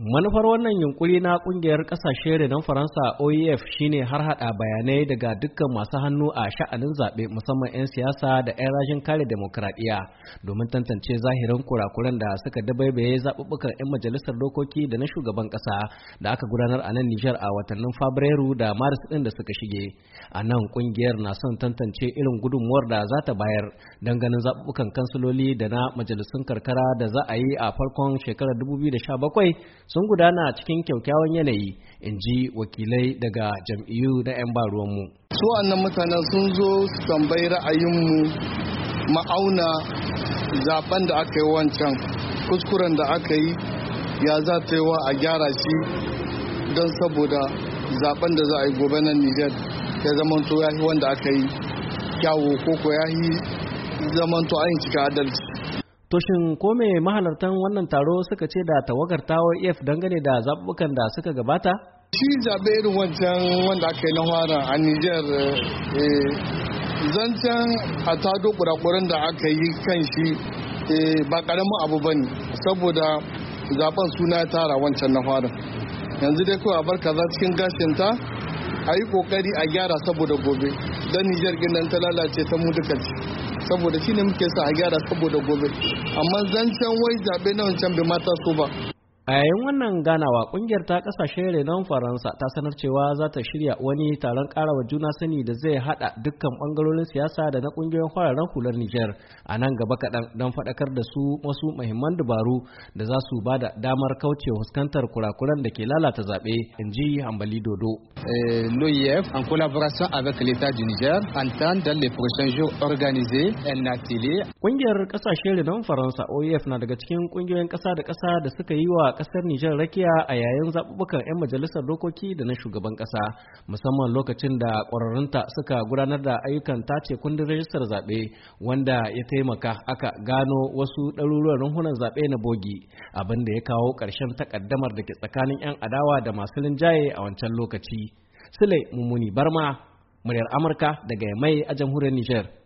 manufar wannan yunkuri na kungiyar kasashe renon faransa oef shine har hada bayanai daga dukkan masu hannu a sha'anin zaɓe musamman 'yan siyasa da 'yan rajin kare demokradiyya domin tantance zahirin kurakuran da suka dabaibaye zaɓuɓɓukan 'yan majalisar dokoki da na shugaban ƙasa da aka gudanar a nan nijar a watannin fabrairu da maris ɗin da suka shige a nan kungiyar na son tantance irin gudunmuwar da za ta bayar don ganin zaɓuɓɓukan kansiloli da na majalisun karkara da za a yi a farkon shekarar 2017 sun gudana cikin kyaukyawan yanayi in ji wakilai daga jam'iyyu na 'yan baruwanmu su annan mutanen sun zo su tambayi ra'ayinmu ma'auna zaben da aka yi wancan kuskuren da aka yi ya za ta yi wa a gyara shi don saboda zaben da za a yi gobe na nijar ya zamanto ya yi wanda aka yi kyawo ko ko ya yi zamanto an yi cika adalci To shin ko me mahalartan wannan taro suka ce da tawagar tawo EF dangane da zaɓuɓɓukan da suka gabata? Shi zaɓe irin wancan wanda aka yi na a Nijar eh, zancen a tado kurakuran da aka yi kan shi eh, ba ƙaramin abu ba ne saboda zaɓen suna tara wancan na fara. Yanzu dai kawai a bar kaza cikin gashinta a yi ƙoƙari a gyara saboda gobe don Nijar gindan ta lalace ta mu saboda ne muke sa a gyara saboda gobe amma zancen wai zaɓe na wancan bai mata su ba A yayin wannan ganawa kungiyar ta kasashe renon Faransa ta sanar cewa za ta shirya wani taron karawa juna sani da zai hada dukkan bangarorin siyasa da na kungiyoyin fararen hular Nijar a nan gaba kaɗan don faɗakar da su wasu mahimman dabaru da za su ba da damar kauce fuskantar kurakuran da ke lalata zabe in ji Hambali Dodo. Eh, L'OIF en collaboration avec Kungiyar kasashe renon Faransa OIF na daga cikin kungiyoyin ƙasa da ƙasa da suka yi wa kasar ƙasar Nijar rakiya a yayin zaɓuɓɓukan 'yan majalisar dokoki da na shugaban ƙasa, musamman lokacin da ƙwararrunta suka gudanar da ayyukan tace kundin rajistar zaɓe wanda ya taimaka aka gano wasu ɗaruruwan runhunan zaɓe na bogi, abin da ya kawo ƙarshen takaddamar da ke tsakanin 'yan adawa da masu linjaye a wancan lokaci. Sule Mumuni Barma, muryar Amurka daga Mai a jamhuriyar Nijar.